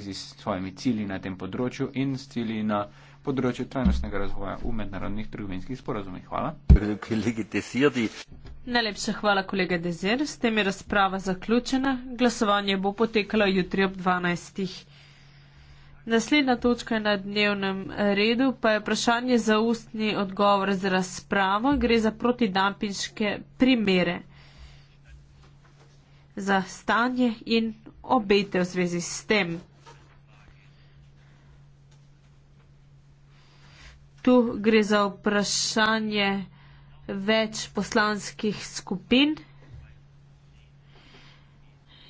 zvezi s svojimi cilji na tem področju in s cilji na področju trajnostnega razvoja v mednarodnih trgovinskih sporazumih. Hvala. Najlepša hvala, kolega Dezer. S tem je razprava zaključena. Glasovanje bo potekalo jutri ob 12. Naslednja točka na dnevnem redu pa je vprašanje za ustni odgovor za razpravo. Gre za protidampinške primere za stanje in obete v zvezi s tem. Tu gre za vprašanje več poslanskih skupin.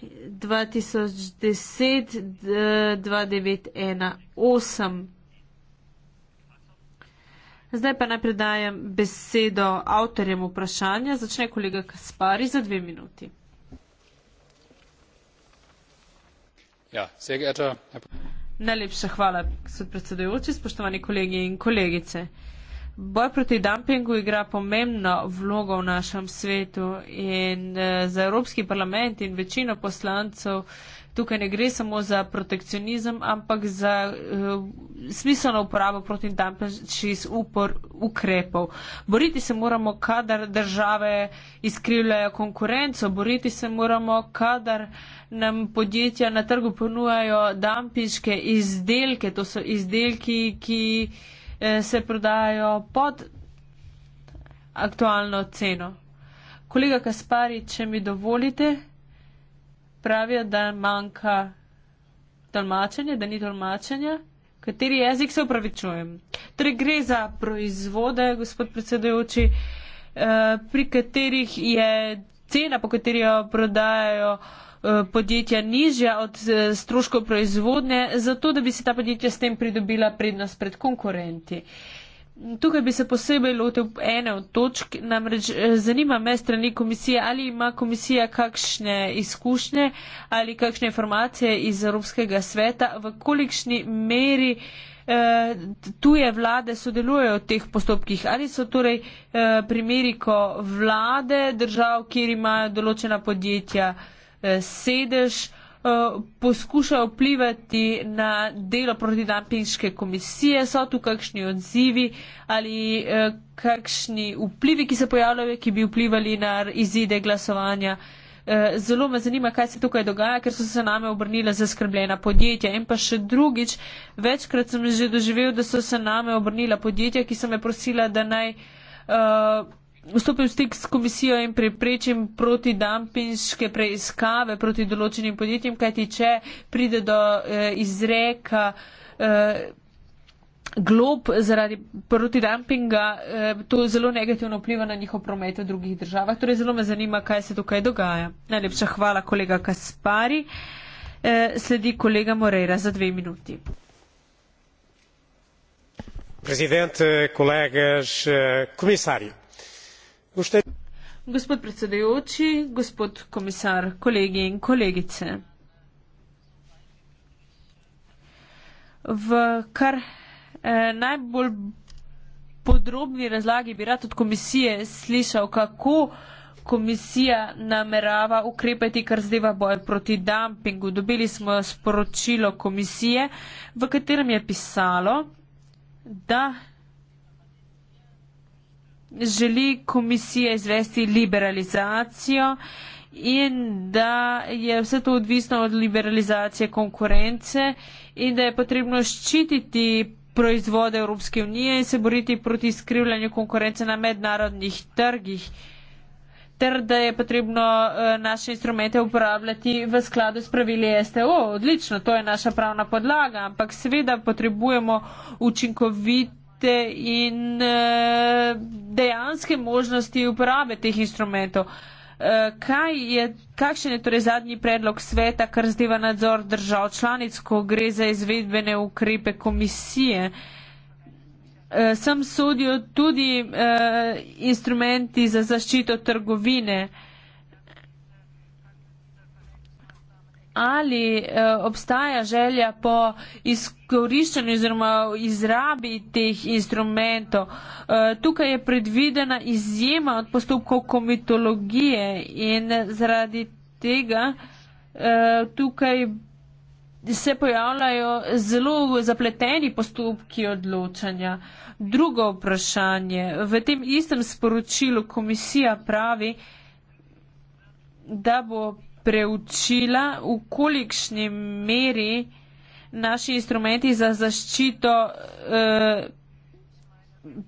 2010-2918. Zdaj pa najprej dajem besedo avtorjem vprašanja. Začne kolega Kaspari za dve minuti. Ja, sehr geehrter Herr Präsident. Najlepša hvala, gospod predsedujoči, spoštovani kolegi in kolegice. Boj proti dumpingu igra pomembno vlogo v našem svetu in eh, za Evropski parlament in večino poslancev eh, tukaj ne gre samo za protekcionizem, ampak za uh, smiselno uporabo proti dampeščih ukrepov. Boriti se moramo, kadar države izkrivljajo konkurenco, boriti se moramo, kadar nam podjetja na trgu ponujajo dampiške izdelke, to so izdelki, ki eh, se prodajajo pod aktualno ceno. Kolega Kaspari, če mi dovolite pravijo, da manjka tolmačenje, da ni tolmačenja. Kateri jezik se upravičujem? Torej gre za proizvode, gospod predsedujoči, eh, pri katerih je cena, po kateri jo prodajajo eh, podjetja, nižja od eh, stroškov proizvodnje, zato da bi se ta podjetja s tem pridobila prednost pred konkurenti. Tukaj bi se posebej lotev ene od točk, namreč eh, zanima me strani komisije, ali ima komisija kakšne izkušnje ali kakšne informacije iz Evropskega sveta, v kolikšni meri eh, tuje vlade sodelujejo v teh postopkih. Ali so torej eh, primeri, ko vlade držav, kjer imajo določena podjetja sedež, Eh, poskuša vplivati na delo proti dampinške komisije, so tu kakšni odzivi ali eh, kakšni vplivi, ki se pojavljajo, ki bi vplivali na izide glasovanja. Eh, zelo me zanima, kaj se tukaj dogaja, ker so se name obrnila zaskrbljena podjetja. In pa še drugič, večkrat sem že doživel, da so se name obrnila podjetja, ki so me prosila, da naj. Uh, vstopil v stik s komisijo in preprečim protidampinške preiskave proti določenim podjetjem, kajti če pride do eh, izreka eh, glob zaradi protidampinga, eh, to zelo negativno vpliva na njihov promet v drugih državah. Torej zelo me zanima, kaj se tukaj dogaja. Najlepša hvala, kolega Kaspari. Eh, sledi kolega Moreira za dve minuti. Presidente, colegas, eh, comissário. Gospod predsedujoči, gospod komisar, kolegi in kolegice. V kar eh, najbolj podrobni razlagi bi rad od komisije slišal, kako komisija namerava ukrepati, kar zdeva boj proti dumpingu. Dobili smo sporočilo komisije, v katerem je pisalo, da želi komisija izvesti liberalizacijo in da je vse to odvisno od liberalizacije konkurence in da je potrebno ščititi proizvode Evropske unije in se boriti proti skrivljanju konkurence na mednarodnih trgih ter da je potrebno uh, naše instrumente uporabljati v skladu s pravili STO. Odlično, to je naša pravna podlaga, ampak seveda potrebujemo učinkovit inštrumente in uh, dejanske možnosti uporabe teh instrumentov. Uh, je, kakšen je torej zadnji predlog sveta, kar zdiva nadzor držav članic, ko gre za izvedbene ukrepe komisije? Uh, sem sodijo tudi uh, instrumenti za zaščito trgovine. Uh, ali uh, obstaja želja po izkoriščanju oziroma izrabi teh instrumentov. Uh, tukaj je predvidena izjema od postopkov komitologije in zaradi tega uh, tukaj se pojavljajo zelo zapleteni postopki odločanja. Drugo vprašanje. V tem istem sporočilu komisija pravi, da bo preučila, v kolikšni meri naši instrumenti za zaščito eh,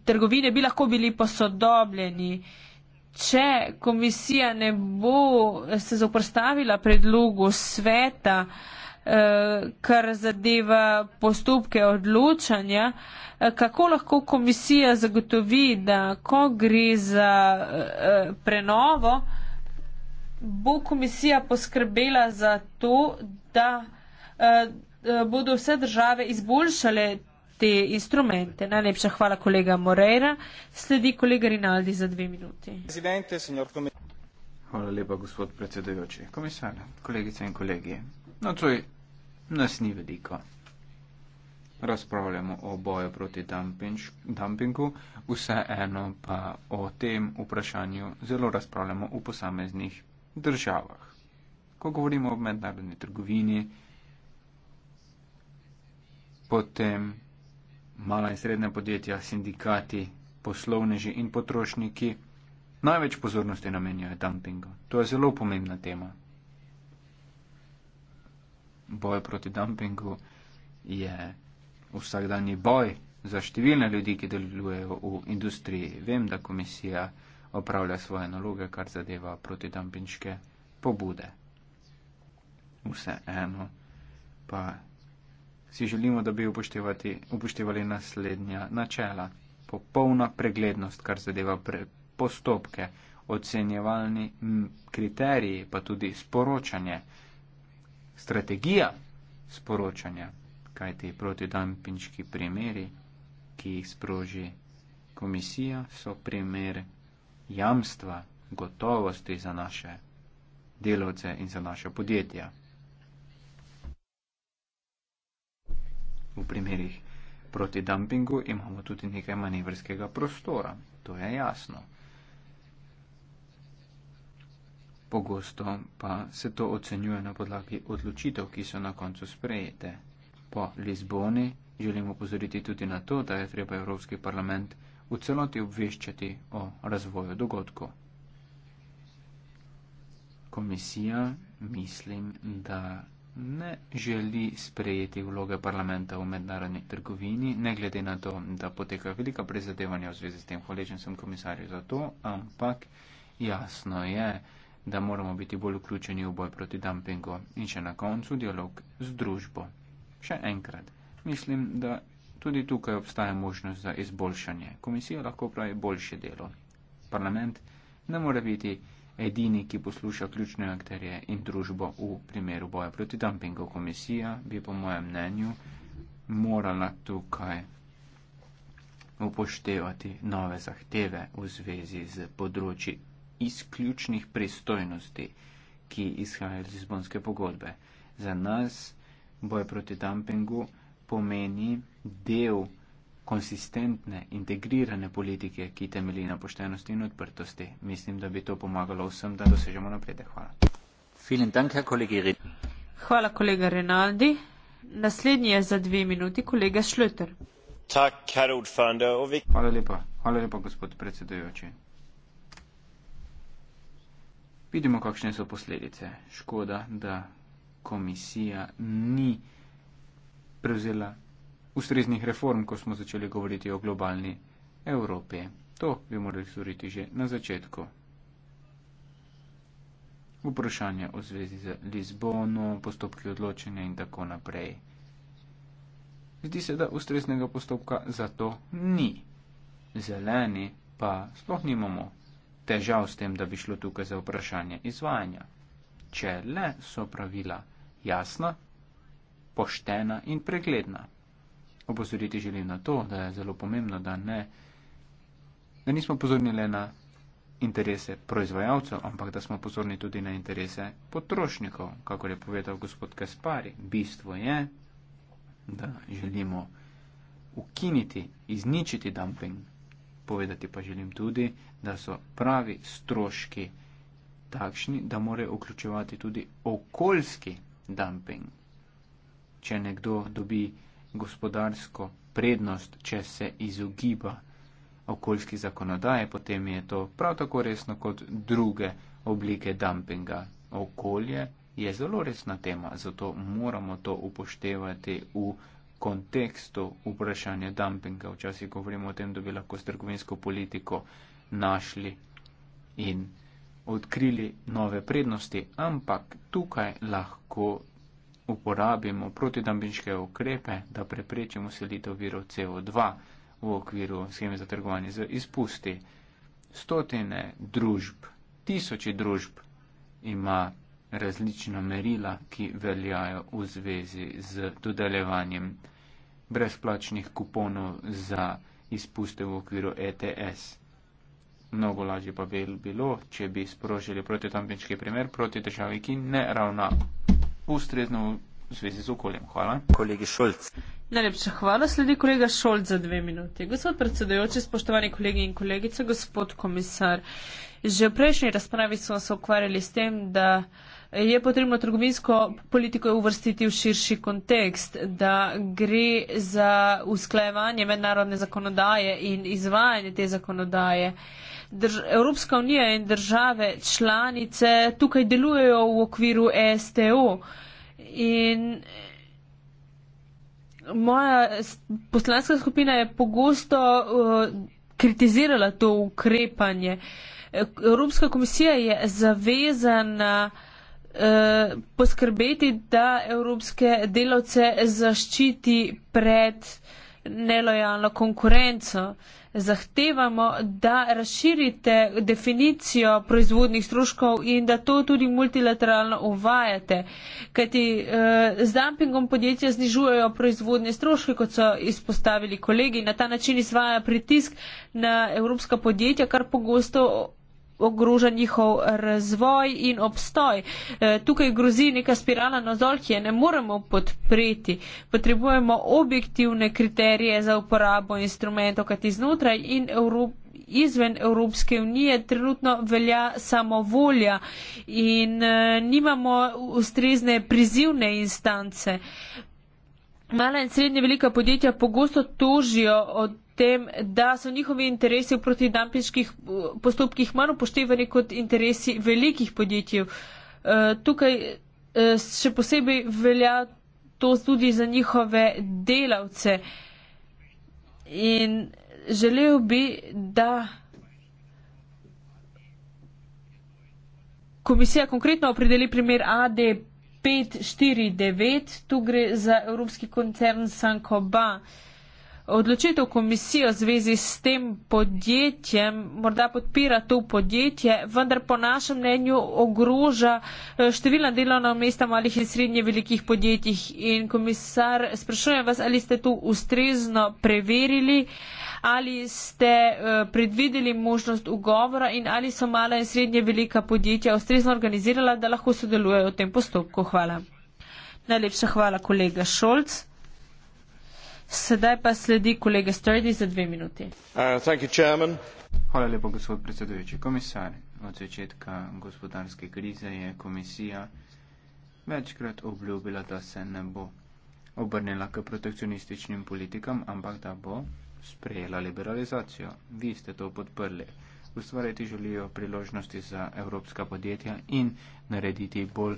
trgovine bi lahko bili posodobljeni. Če komisija ne bo se zoprstavila predlogu sveta, eh, kar zadeva postopke odločanja, eh, kako lahko komisija zagotovi, da ko gre za eh, prenovo, bo komisija poskrbela za to, da eh, eh, bodo vse države izboljšale te instrumente. Najlepša hvala kolega Moreira. Sledi kolega Rinaldi za dve minuti. Hvala lepa, gospod predsedujoči. Komisar, kolegice in kolegi. No, tuj, torej, nas ni veliko. Razpravljamo o boju proti dumpinč, dumpingu, vse eno pa o tem vprašanju zelo razpravljamo v posameznih državah. Ko govorimo o mednarodni trgovini, potem mala in srednja podjetja, sindikati, poslovneži in potrošniki največ pozornosti namenjajo dumpingu. To je zelo pomembna tema. Boj proti dumpingu je vsakdanji boj za številne ljudi, ki delujejo v industriji. Vem, da komisija opravlja svoje naloge, kar zadeva protidampinške pobude. Vseeno pa si želimo, da bi upoštevali naslednja načela. Popolna preglednost, kar zadeva pre postopke, ocenjevalni kriteriji, pa tudi sporočanje, strategija sporočanja, kaj ti protidampinški primeri, ki jih sproži komisija, so primer jamstva, gotovosti za naše delavce in za naše podjetja. V primerih proti dumpingu imamo tudi nekaj manevrskega prostora, to je jasno. Pogosto pa se to ocenjuje na podlagi odločitev, ki so na koncu sprejete. Po Lizboni želimo pozoriti tudi na to, da je treba Evropski parlament v celoti obveščati o razvoju dogodkov. Komisija, mislim, da ne želi sprejeti vloge parlamenta v mednarodni trgovini, ne glede na to, da potekajo velika prizadevanja v zvezi s tem, hvaležen sem komisarju za to, ampak jasno je, da moramo biti bolj vključeni v boj proti dumpingu in še na koncu dialog z družbo. Še enkrat, mislim, da Tudi tukaj obstaja možnost za izboljšanje. Komisija lahko pravi boljše delo. Parlament ne more biti edini, ki posluša ključne akterje in družbo v primeru boja proti dumpingu. Komisija bi po mojem mnenju morala tukaj upoštevati nove zahteve v zvezi z področji izključnih pristojnosti, ki izhajajo iz Lizbonske pogodbe. Za nas boj proti dumpingu pomeni del konsistentne, integrirane politike, ki temelji na poštenosti in odprtosti. Mislim, da bi to pomagalo vsem, da dosežemo napredek. Hvala. Hvala, kolega Renaldi. Naslednji je za dve minuti kolega Šlöter. Hvala lepa. Hvala lepa, gospod predsedujoči. Vidimo, kakšne so posledice. Škoda, da komisija ni prevzela ustreznih reform, ko smo začeli govoriti o globalni Evropi. To bi morali storiti že na začetku. Vprašanje o zvezi z Lizbono, postopki odločanja in tako naprej. Zdi se, da ustreznega postopka za to ni. Zeleni pa sploh nimamo težav s tem, da bi šlo tukaj za vprašanje izvajanja. Če le so pravila jasna, poštena in pregledna opozoriti želim na to, da je zelo pomembno, da, ne, da nismo pozorni le na interese proizvajalcev, ampak da smo pozorni tudi na interese potrošnikov, kako je povedal gospod Kaspari. Bistvo je, da želimo ukiniti, izničiti dumping. Povedati pa želim tudi, da so pravi stroški takšni, da more vključevati tudi okoljski dumping. Če nekdo dobi gospodarsko prednost, če se izogiba okoljski zakonodaje, potem je to prav tako resno kot druge oblike dumpinga. Okolje je zelo resna tema, zato moramo to upoštevati v kontekstu vprašanja dumpinga. Včasih govorimo o tem, da bi lahko s trgovinsko politiko našli in odkrili nove prednosti, ampak tukaj lahko uporabimo protidampinške ukrepe, da preprečimo selitev virov CO2 v okviru scheme za trgovanje z izpusti. Stotine družb, tisoči družb ima različna merila, ki veljajo v zvezi z dodeljevanjem brezplačnih kuponov za izpuste v okviru ETS. Mnogo lažje pa bi bilo, če bi sprožili protitampinski primer proti državi, ki ne ravna ustrezno v zvezi z okoljem. Hvala. Kolegi Šolc. Najlepša hvala. Sledi kolega Šolc za dve minuti. Gospod predsedujoči, spoštovani kolegi in kolegice, gospod komisar. Že v prejšnji razpravi smo se ukvarjali s tem, da je potrebno trgovinsko politiko uvrstiti v širši kontekst, da gre za usklajevanje mednarodne zakonodaje in izvajanje te zakonodaje. Uh, Drž Evropska unija in države članice tukaj delujejo v okviru STO. In moja poslanska skupina je pogosto uh, kritizirala to ukrepanje. Evropska komisija je zavezana eh, poskrbeti, da evropske delavce zaščiti pred uh, nelojalno konkurenco. Zahtevamo, da razširite definicijo proizvodnih stroškov in da to tudi multilateralno uvajate. Kajti eh, z dumpingom podjetja znižujejo proizvodne stroške, kot so izpostavili kolegi. Na ta način izvaja pritisk na evropska podjetja, kar pogosto ogroža njihov razvoj in obstoj. E, tukaj grozi neka spirala nazol, ki je ne moremo podpreti. Potrebujemo objektivne kriterije za uporabo instrumentov, kajti znotraj in Evrop izven Evropske unije trenutno velja samo volja in e, nimamo ustrezne prizivne instance. Mala in srednje velika podjetja pogosto tožijo od tem, da so njihovi interesi v protidampinških eh, postopkih manj upoštevani kot interesi velikih podjetij. Eh, tukaj eh, še posebej velja to tudi za njihove delavce. In želel bi, da komisija konkretno opredeli primer AD 549, tu gre za evropski koncern Sankoba odločitev komisije v zvezi s tem podjetjem, morda podpira to podjetje, vendar po našem mnenju ogroža eh, številna delovna mesta malih in srednje velikih podjetjih. In komisar, sprašujem vas, ali ste tu ustrezno preverili, ali ste eh, predvideli možnost ugovora in ali so mala in srednje velika podjetja ustrezno organizirala, da lahko sodelujejo v tem postopku. Hvala. Najlepša hvala, kolega Šolc. Sedaj pa sledi kolega Strdi za dve minuti. Uh, Hvala lepo, gospod predsedujoči komisar. Od začetka gospodarske krize je komisija večkrat obljubila, da se ne bo obrnila k protekcionističnim politikam, ampak da bo sprejela liberalizacijo. Vi ste to podprli. Ustvariti želijo priložnosti za evropska podjetja in narediti bolj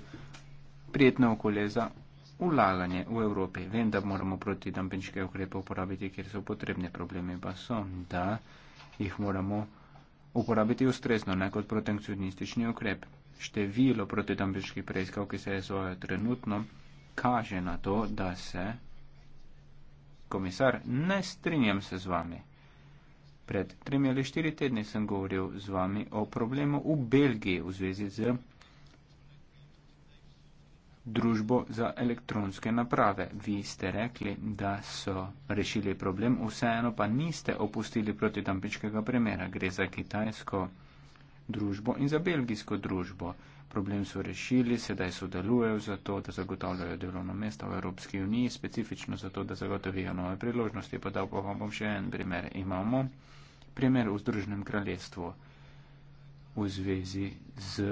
prijetno okolje za ulaganje v Evropi. Vem, da moramo protidampinške ukrepe uporabiti, kjer so potrebne probleme, pa so, da jih moramo uporabiti ustrezno, ne kot protekcionistični ukrep. Število protidampinških preiskav, ki se je zvojo trenutno, kaže na to, da se komisar ne strinjam se z vami. Pred tremi ali štiri tedni sem govoril z vami o problemu v Belgiji v zvezi z družbo za elektronske naprave. Vi ste rekli, da so rešili problem, vseeno pa niste opustili proti dampičkega premjera. Gre za kitajsko družbo in za belgijsko družbo. Problem so rešili, sedaj sodelujejo za to, da zagotavljajo delovno mesto v Evropski uniji, specifično za to, da zagotovijo nove priložnosti. Pa da pa vam bom še en primer. Imamo primer v Združenem kraljestvu v zvezi z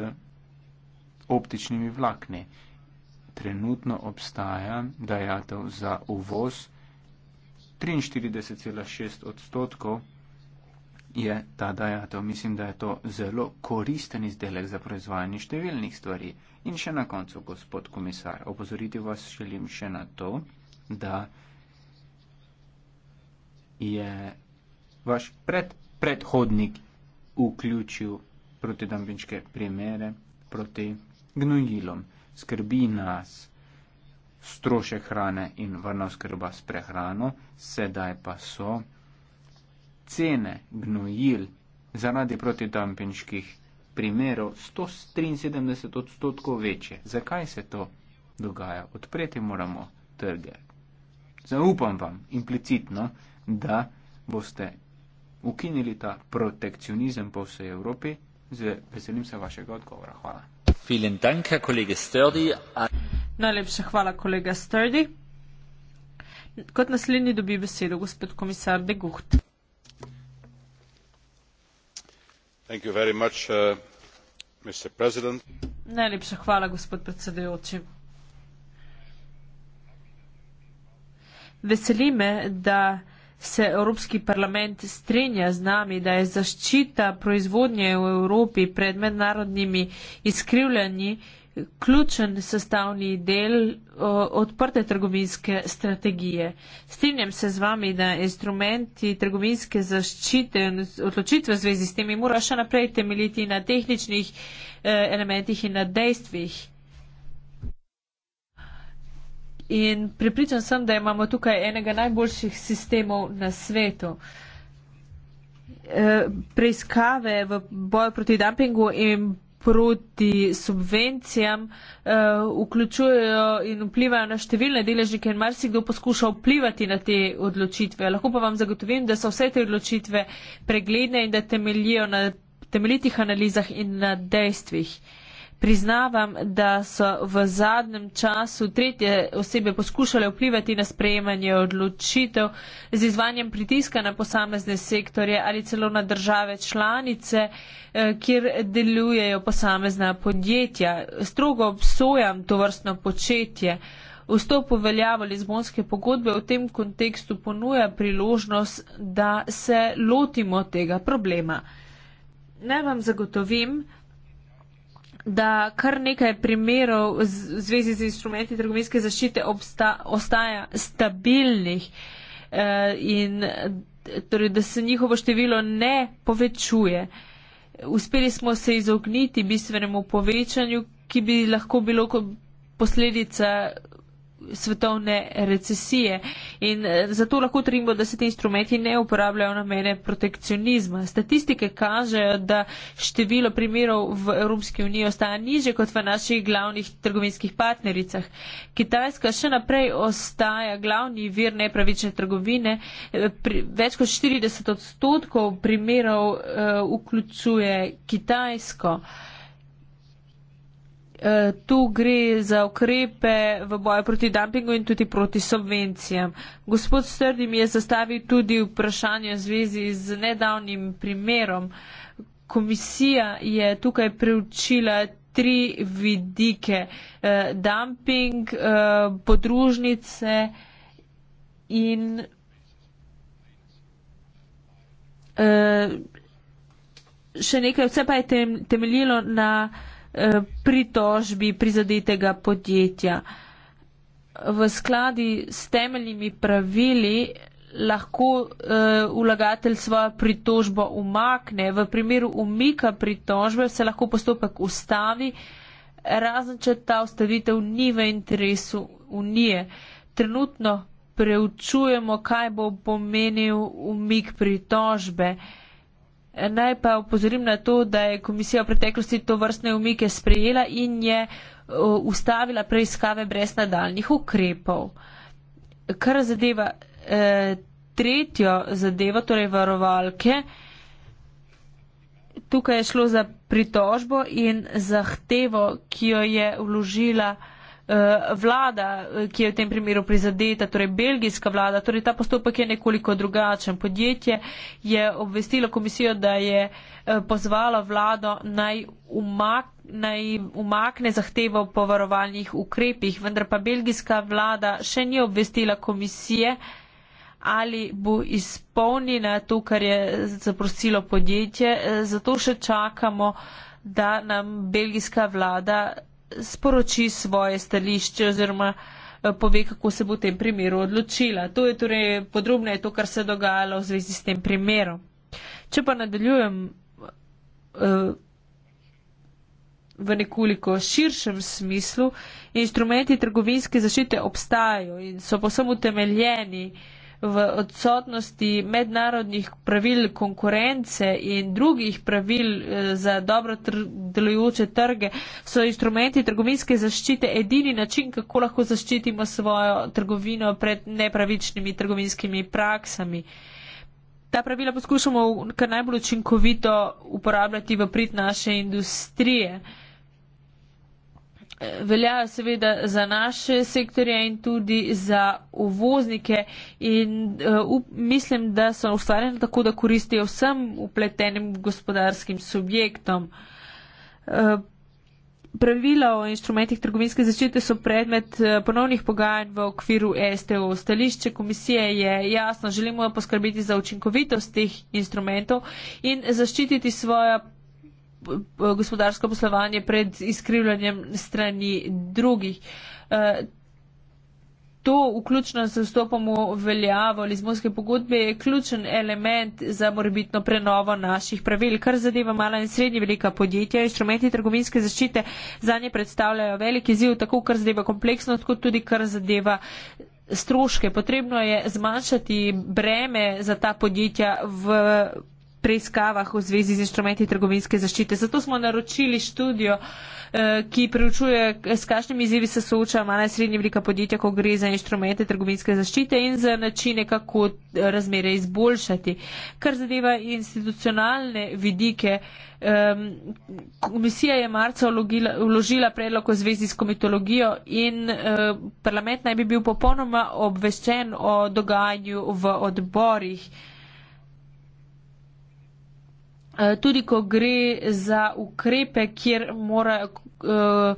optičnimi vlakni trenutno obstaja dajatev za uvoz 43,6 odstotkov je ta dajatev. Mislim, da je to zelo koristen izdelek za proizvajanje številnih stvari. In še na koncu, gospod komisar, opozoriti vas želim še na to, da je vaš pred, predhodnik vključil protidampinške primere proti gnojilom skrbi nas stroše hrane in varna oskrba s prehrano, sedaj pa so cene gnojil zaradi protidampinških primerov 173 odstotkov večje. Zakaj se to dogaja? Odpreti moramo trge. Zaupam vam implicitno, da boste ukinili ta protekcionizem po vsej Evropi. Z veselim se vašega odgovora. Hvala. Najlepša hvala, kolega Sturdy. Kot naslednji dobi besedo gospod komisar De Gucht. Much, uh, Najlepša hvala, gospod predsedujoči. Veseli me, da se Evropski parlament strinja z nami, da je zaščita proizvodnje v Evropi pred mednarodnimi izkrivljanji ključen sestavni del odprte trgovinske strategije. Strinjam se z vami, da instrumenti trgovinske zaščite in odločitve v zvezi s temi mora še naprej temeljiti na tehničnih eh, elementih in na dejstvih. In pripričan sem, da imamo tukaj enega najboljših sistemov na svetu. Eh, preiskave v boju proti dumpingu in proti subvencijam eh, vključujejo in vplivajo na številne deležnike in marsikdo poskuša vplivati na te odločitve. Lahko pa vam zagotovim, da so vse te odločitve pregledne in da temeljijo na temeljitih analizah in na dejstvih. Priznavam, da so v zadnjem času tretje osebe poskušale vplivati na sprejemanje odločitev z izvanjem pritiska na posamezne sektorje ali celo na države članice, eh, kjer delujejo posamezna podjetja. Strogo obsojam to vrstno početje. Vstop v veljavo Lizbonske pogodbe v tem kontekstu ponuja priložnost, da se lotimo tega problema. Naj vam zagotovim, da kar nekaj primerov v zvezi z instrumenti trgovinske zaščite obsta, ostaja stabilnih eh, in torej, da se njihovo število ne povečuje. Uspeli smo se izogniti bistvenemu povečanju, ki bi lahko bilo kot posledica svetovne recesije in eh, zato lahko trimo, da se ti instrumenti ne uporabljajo na mene protekcionizma. Statistike kažejo, da število primerov v Evropski uniji ostaja niže kot v naših glavnih trgovinskih partnericah. Kitajska še naprej ostaja glavni vir nepravične trgovine. Eh, več kot 40 odstotkov primerov eh, vključuje Kitajsko tu gre za ukrepe v boju proti dumpingu in tudi proti subvencijam. Gospod Strdi mi je zastavil tudi vprašanje v zvezi z nedavnim primerom. Komisija je tukaj preučila tri vidike. Eh, dumping, eh, podružnice in. Eh, še nekaj, vse pa je temeljilo na uh, Eh, pritožbi prizadetega podjetja. V skladi s temeljnimi pravili lahko uh, eh, ulagatelj svojo pritožbo umakne. V primeru umika pritožbe se lahko postopek ustavi, razen če ta ustavitev ni v interesu unije. Trenutno preučujemo, kaj bo pomenil umik pritožbe. Uh, Naj pa upozorim na to, da je komisija v preteklosti to vrstne umike sprejela in je ustavila preiskave brez nadaljnih ukrepov. Kar zadeva eh, tretjo zadevo, torej varovalke, tukaj je šlo za pritožbo in zahtevo, ki jo je vložila. Eh, vlada, eh, ki je v tem primeru prizadeta, torej belgijska vlada, torej ta postopek je nekoliko drugačen. Podjetje je obvestilo komisijo, da je eh, pozvalo vlado naj umak naj umakne zahtevo po varovalnih ukrepih, vendar pa belgijska vlada še ni obvestila komisije, ali bo izpolnila to, kar je zaprosilo podjetje. Zato še čakamo, da nam belgijska vlada sporoči svoje stališče oziroma eh, pove, kako se bo v tem primeru odločila. To je torej podrobneje to, kar se je dogajalo v zvezi s tem primerom. Če pa nadaljujem eh, v nekoliko širšem smislu, instrumenti trgovinske zaščite obstajajo in so posem utemeljeni v odsotnosti mednarodnih pravil konkurence in drugih pravil eh, za dobro delujoče trge, so instrumenti trgovinske zaščite edini način, kako lahko zaščitimo svojo trgovino pred nepravičnimi trgovinskimi praksami. Ta pravila poskušamo kar najbolj učinkovito uporabljati v prid naše industrije. Veljajo seveda za naše sektorje in tudi za uvoznike in uh, mislim, da so ustvarjene tako, da koristijo vsem upletenim gospodarskim subjektom. Uh, Eh, pravila o inštrumentih trgovinske zaščite so predmet eh, ponovnih pogajanj v okviru STO. Stališče komisije je jasno, želimo poskrbiti za učinkovitost teh instrumentov in zaščititi svoje eh, gospodarsko poslovanje pred izkrivljanjem strani drugih to, vključno s vstopom v veljavo Lizbonske pogodbe, je ključen element za morbitno prenovo naših pravil. Kar zadeva mala in srednje velika podjetja, inštrumenti trgovinske zaščite za nje predstavljajo velik izziv, tako kar zadeva kompleksnost, kot tudi kar zadeva stroške. Potrebno je zmanjšati breme za ta podjetja v preiskavah v zvezi z instrumenti trgovinske zaščite. Zato smo naročili študijo, eh, ki preučuje, s kakšnimi izzivi se sooča mala in srednja velika podjetja, ko gre za instrumente trgovinske zaščite in za načine, kako eh, razmere izboljšati. Kar zadeva institucionalne vidike, ehm, komisija je marca vložila predlog v zvezi s komitologijo in eh, parlament naj bi bil popolnoma obveščen o dogajanju v odborih. Eh, tudi ko gre za ukrepe, kjer mora eh,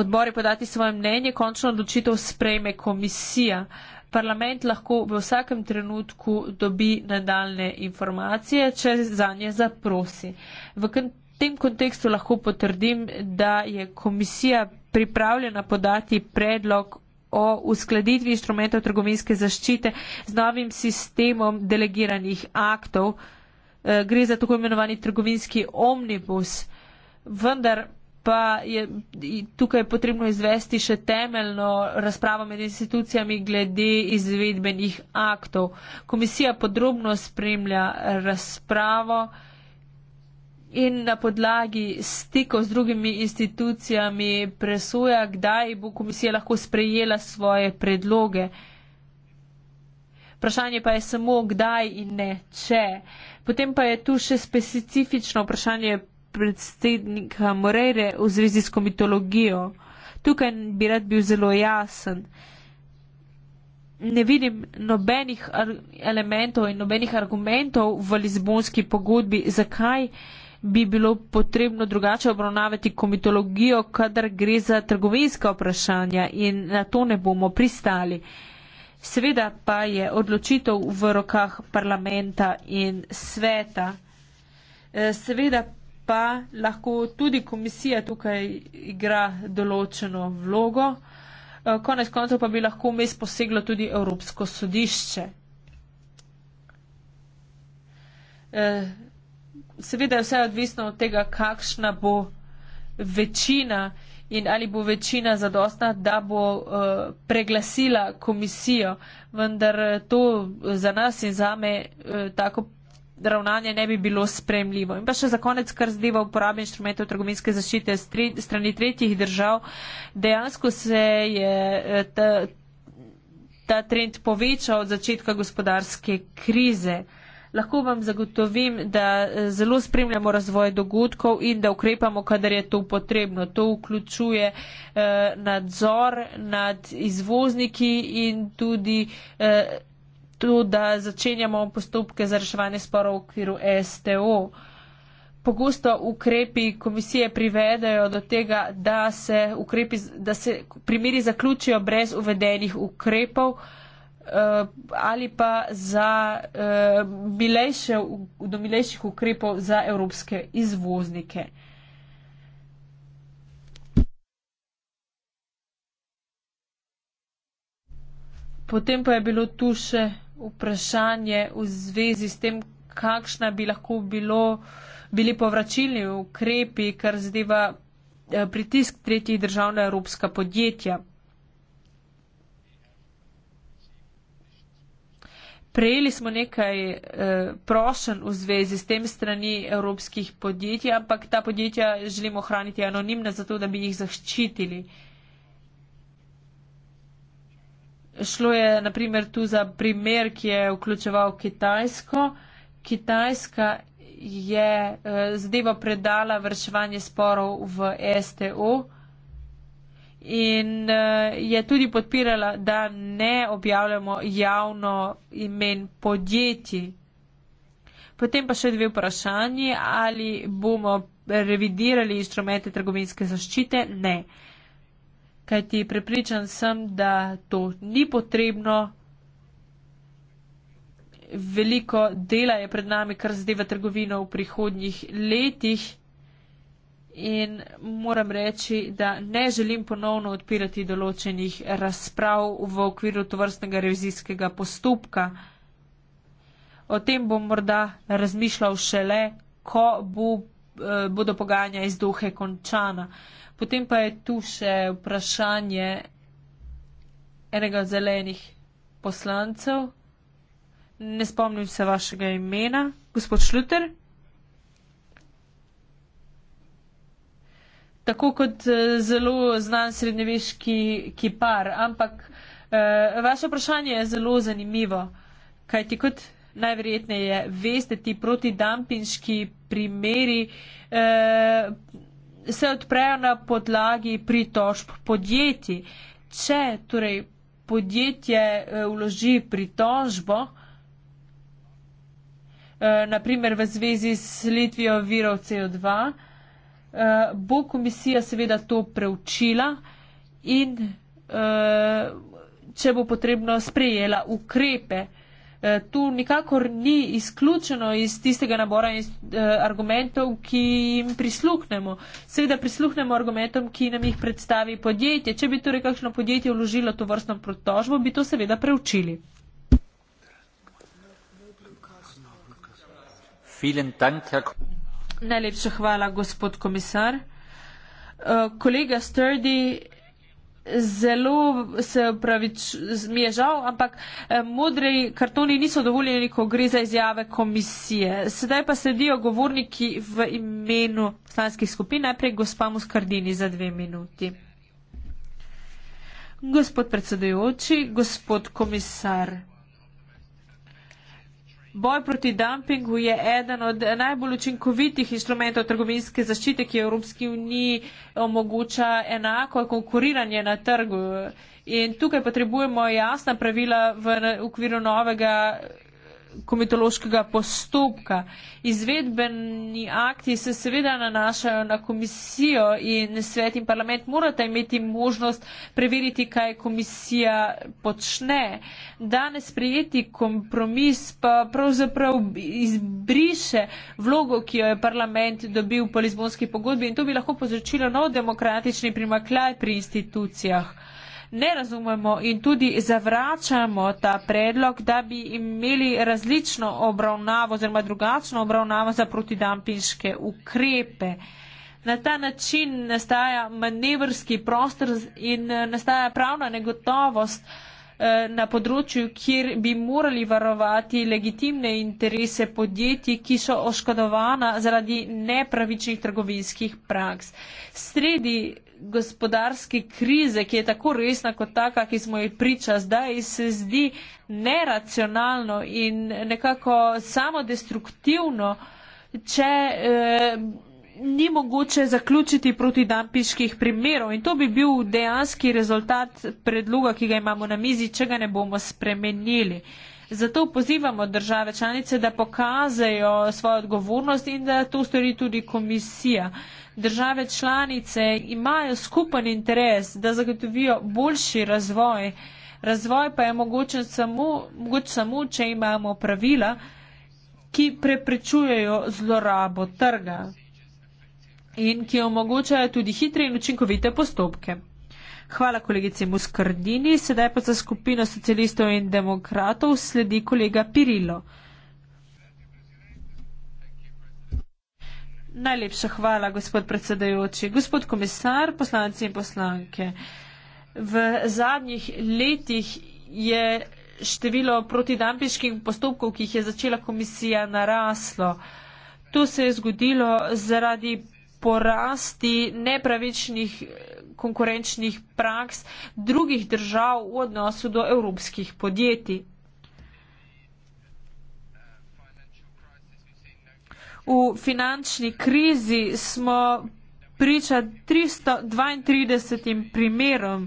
odbori podati svoje mnenje, končno odločitev sprejme komisija. Parlament lahko v vsakem trenutku dobi nadaljne informacije, če za nje zaprosi. V tem kontekstu lahko potrdim, da je komisija pripravljena podati predlog o uskladitvi inštrumentov trgovinske zaščite z novim sistemom delegiranih aktov, Eh, gre za tako imenovani trgovinski omnibus. Vendar pa je tukaj potrebno izvesti še temeljno razpravo med institucijami glede izvedbenih aktov. Komisija podrobno spremlja razpravo in na podlagi stikov z drugimi institucijami presoja, kdaj bo komisija lahko sprejela svoje predloge. Vprašanje pa je samo, kdaj in ne če. Potem pa je tu še specifično vprašanje predsednika Morejre v zvezi s komitologijo. Tukaj bi rad bil zelo jasen. Ne vidim nobenih elementov in nobenih argumentov v Lizbonski pogodbi, zakaj bi bilo potrebno drugače obravnavati komitologijo, kadar gre za trgovinska vprašanja in na to ne bomo pristali. Seveda pa je odločitev v rokah parlamenta in sveta. E, seveda pa lahko tudi komisija tukaj igra določeno vlogo. E, konec koncev pa bi lahko mes poseglo tudi Evropsko sodišče. E, seveda je vse odvisno od tega, kakšna bo večina in ali bo večina zadostna, da bo uh, preglasila komisijo. Vendar eh, to eh, za nas in za me uh, tako ravnanje ne bi bilo spremljivo. In pa še za konec, kar zdeva uporabe inštrumentov trgovinske zaščite strani tretjih držav, dejansko se je ta, ta trend povečal od začetka gospodarske krize lahko vam zagotovim, da eh, zelo spremljamo razvoj dogodkov in da ukrepamo, kadar je to potrebno. To vključuje eh, nadzor nad izvozniki in tudi. Eh, To, da začenjamo postopke za reševanje sporov v okviru STO. Pogosto ukrepi komisije privedajo do tega, da se, ukrepi, da se primiri zaključijo brez uvedenih ukrepov. Uh, Eh, ali pa za eh, milejše, do milejših ukrepov za evropske izvoznike. Potem pa je bilo tu še vprašanje v zvezi s tem, kakšna bi lahko bilo, bili povračilni ukrepi, kar zadeva eh, pritisk tretjih držav na evropska podjetja. prejeli smo nekaj eh, prošen v zvezi s tem strani evropskih podjetij, ampak ta podjetja želimo ohraniti anonimna, zato da bi jih zaščitili. Šlo je naprimer tu za primer, ki je vključeval Kitajsko. Kitajska je eh, zadevo predala vrševanje sporov v STO in uh, je tudi podpirala, da ne objavljamo javno imen podjetij. Potem pa še dve vprašanji, ali bomo revidirali instrumente trgovinske zaščite. Ne. Kajti prepričan sem, da to ni potrebno. Veliko dela je pred nami, kar zadeva trgovino v prihodnjih letih in moram reči, da ne želim ponovno odpirati določenih razprav v okviru tovrstnega revizijskega postopka. O tem bom morda razmišljal šele, ko bo, eh, bodo pogajanja iz Dohe končana. Potem pa je tu še vprašanje enega od zelenih poslancev. Ne spomnim se vašega imena, gospod Šluter. tako kot eh, zelo znan srednjeveški kipar. Ampak eh, vaše vprašanje je zelo zanimivo, kaj ti kot najverjetneje veste ti protidampinški primeri. Eh, se odprejo na podlagi pritožb podjetij. Če torej podjetje eh, vloži pritožbo, eh, naprimer v zvezi s litvijo virov CO2, Eh, bo komisija seveda to preučila in eh, če bo potrebno sprejela ukrepe. Eh, tu nikakor ni izključeno iz tistega nabora argumentov, ki jim prisluhnemo. Seveda prisluhnemo argumentom, ki nam jih predstavi podjetje. Če bi torej kakšno podjetje vložilo to vrstno protožbo, bi to seveda preučili. Vielen Dank, Herr Najlepša hvala, gospod komisar. Eh, kolega Strdi, zelo se pravi, mi je žal, ampak eh, modri kartoni niso dovoljeni, ko gre za izjave komisije. Sedaj pa sledijo govorniki v imenu slanskih skupin. Najprej gospa Muskardini za dve minuti. Gospod predsedujoči, gospod komisar. Boj proti dumpingu je eden od najbolj učinkovitih instrumentov trgovinske zaščite, ki Evropski uniji omogoča enako konkuriranje na trgu. In tukaj potrebujemo jasna pravila v okviru novega komitološkega postopka. Izvedbeni akti se seveda nanašajo na komisijo in svet in parlament morata imeti možnost preveriti, kaj komisija počne. Danes prijeti kompromis pa pravzaprav izbriše vlogo, ki jo je parlament dobil po lizbonski pogodbi in to bi lahko povzročilo nov demokratični primakljaj pri institucijah ne razumemo in tudi zavračamo ta predlog, da bi imeli različno obravnavo oziroma drugačno obravnavo za protidampinške ukrepe. Na ta način nastaja manevrski prostor in eh, nastaja pravna negotovost eh, na področju, kjer bi morali varovati legitimne interese podjetij, ki so oškodovana zaradi nepravičnih trgovinskih praks. Sredi gospodarske krize, ki je tako resna kot taka, ki smo ji priča zdaj, se zdi neracionalno in nekako samodestruktivno, če eh, ni mogoče zaključiti proti dampiških primerov. In to bi bil dejanski rezultat predloga, ki ga imamo na mizi, če ga ne bomo spremenili. Eh, Zato pozivamo države članice, da pokazajo svojo odgovornost in da to stori tudi komisija. Države članice imajo skupen interes, da zagotovijo boljši razvoj. Razvoj pa je mogoče samo, mogoče samo če imamo pravila, ki preprečujejo zlorabo trga in ki omogočajo tudi hitre in učinkovite postopke. Hvala kolegici Muskardini. Sedaj pa za skupino socialistov in demokratov sledi kolega Pirilo. Najlepša hvala, gospod predsedajoči. Gospod komisar, poslanci in poslanke. V zadnjih letih je število protidampiških postopkov, ki jih je začela komisija, naraslo. To se je zgodilo zaradi porasti nepravičnih konkurenčnih praks drugih držav v odnosu do evropskih podjetij. V finančni krizi smo priča 332 primerom.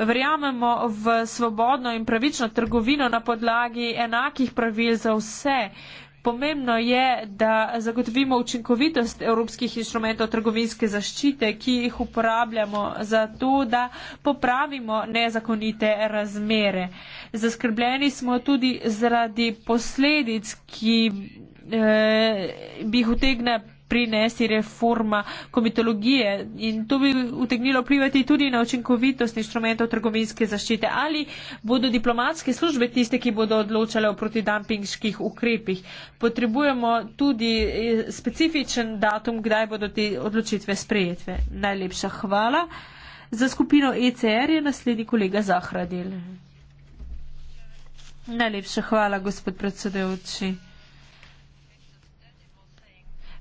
Verjamemo v svobodno in pravično trgovino na podlagi enakih pravil za vse. Pomembno je, da zagotovimo učinkovitost evropskih instrumentov trgovinske zaščite, ki jih uporabljamo za to, da popravimo nezakonite razmere. Zaskrbljeni smo tudi zaradi posledic, ki eh, bi jih utegne prinesti reforma komitologije in to bi utegnilo plivati tudi na učinkovitost inštrumentov trgovinske zaščite. Ali bodo diplomatske službe tiste, ki bodo odločale o protidampingskih ukrepih? Potrebujemo tudi eh, specifičen datum, kdaj bodo te odločitve sprejetve. Najlepša hvala. Za skupino ECR je naslednji kolega Zahradil. Najlepša hvala, gospod predsedujoči.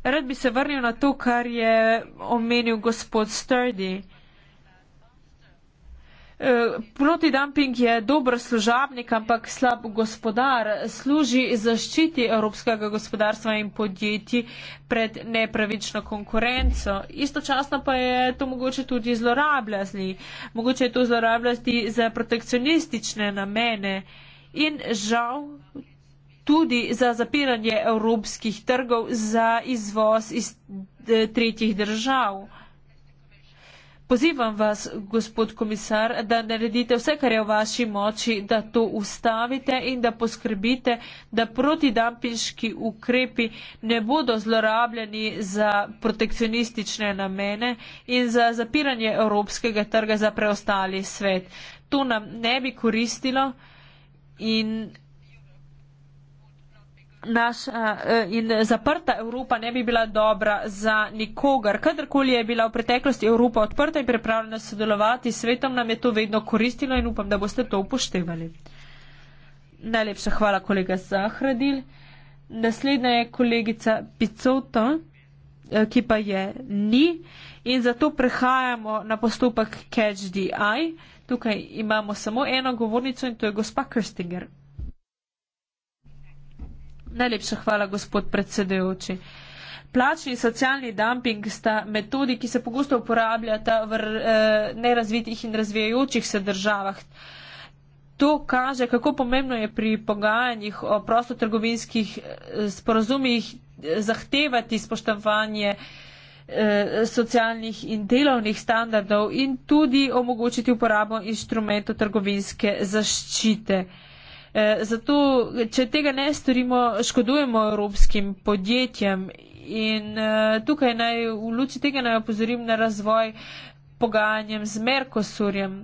Rad bi se vrnil na to, kar je omenil gospod Sturdy. E, protidumping je dober služabnik, ampak slab gospodar. Služi zaščiti evropskega gospodarstva in podjetij pred nepravično konkurenco. Istočasno pa je to mogoče tudi zlorabljati. Mogoče je to zlorabljati za protekcionistične namene. In žal tudi za zapiranje evropskih trgov za izvoz iz eh, tretjih držav. Pozivam vas, gospod komisar, da naredite vse, kar je v vaši moči, da to ustavite in da poskrbite, da protidampinški ukrepi ne bodo zlorabljeni za protekcionistične namene in za zapiranje evropskega trga za preostali svet. To nam ne bi koristilo in naša e, in zaprta Evropa ne bi bila dobra za nikogar. Kadarkoli je bila v preteklosti Evropa odprta in pripravljena sodelovati, svetom nam je to vedno koristilo in upam, da boste to upoštevali. Najlepša hvala, kolega Zahradil. Naslednja je kolegica Picoto, e, ki pa je ni in zato prehajamo na postopek Catch the Eye. Tukaj imamo samo eno govornico in to je gospa Krstinger. Najlepša hvala, gospod predsedujoči. Plačni socialni dumping sta metodi, ki se pogosto uporabljata v eh, nerazvitih in razvijajočih se državah. To kaže, kako pomembno je pri pogajanjih o prostotrgovinskih eh, sporozumih eh, zahtevati spoštovanje socialnih in delovnih standardov in tudi omogočiti uporabo inštrumentov trgovinske zaščite. Eh, zato, če tega ne storimo, škodujemo evropskim podjetjem in eh, tukaj naj v luči tega naj opozorim na razvoj pogajanjem z Merkosurjem.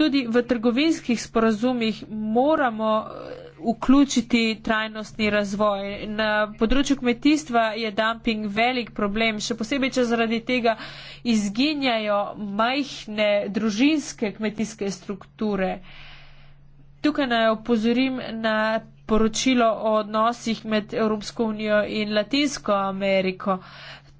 Tudi v trgovinskih sporazumih moramo eh, vključiti trajnostni razvoj. Na področju kmetijstva je dumping velik problem, še posebej, če zaradi tega izginjajo majhne družinske kmetijske strukture. Uh, tukaj naj opozorim na poročilo o odnosih med Evropsko unijo in Latinsko Ameriko.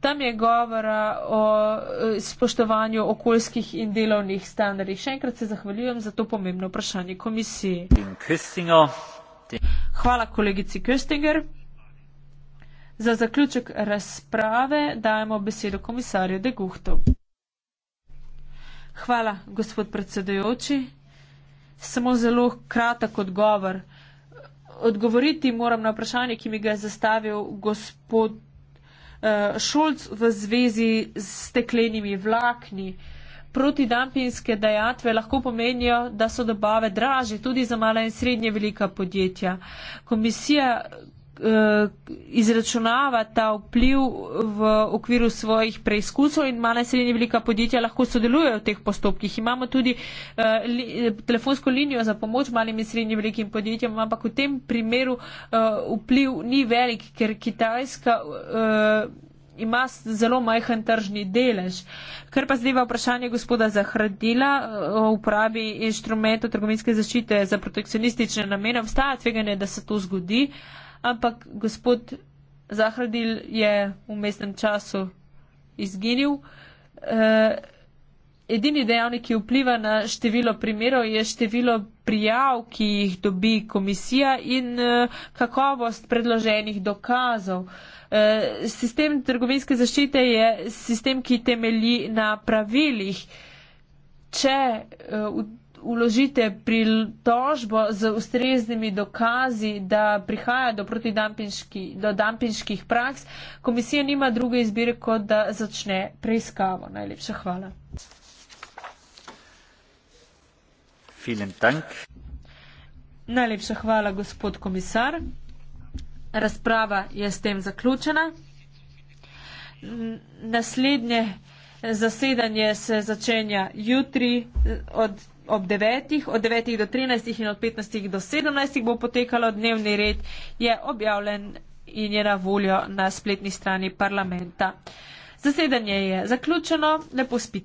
Tam je govora o e, spoštovanju okoljskih in delovnih standardih. Še enkrat se zahvaljujem za to pomembno vprašanje komisiji. Hvala kolegici Köstinger. Za zaključek razprave dajemo besedo komisarju Deguhtu. Hvala, gospod predsedujoči samo zelo kratek odgovor. Odgovoriti moram na vprašanje, ki mi ga je zastavil gospod eh, Šolc v zvezi s steklenimi vlakni. Protidampinske dejatve lahko pomenijo, da so dobave draže tudi za mala in srednje velika podjetja. Komisija, Eh, izračunava ta vpliv v okviru svojih preizkusov in mala in srednja velika podjetja lahko sodelujejo v teh postopkih. Imamo tudi eh, eh, telefonsko linijo za pomoč malim in srednjim velikim podjetjem, ampak v tem primeru vpliv ni velik, ker Kitajska ima zelo majhen tržni delež. Ker pa zdaj vprašanje gospoda Zahradila o uporabi inštrumentov trgovinske zaščite za protekcionistične namene, obstaja tveganje, da se to zgodi. Uh, ampak gospod Zahradil je v mestnem času izginil. E, edini dejavnik, ki vpliva na število primerov, je število prijav, ki jih dobi komisija in e, kakovost predloženih dokazov. E, sistem trgovinske zaščite je sistem, ki temelji na pravilih. Če e, vložite pritožbo z ustreznimi dokazi, da prihaja do protidampinških do dampinških praks, komisija nima druge izbire, kot da začne preiskavo. Najlepša hvala. Najlepša hvala, gospod komisar. Razprava je s tem zaključena. Naslednje zasedanje se začenja jutri od 14.00 ob 9, od 9 do 13 in od 15 do 17 bo potekalo dnevni red, je objavljen in je na voljo na spletni strani parlamenta. Zasedanje je zaključeno, lepo spite.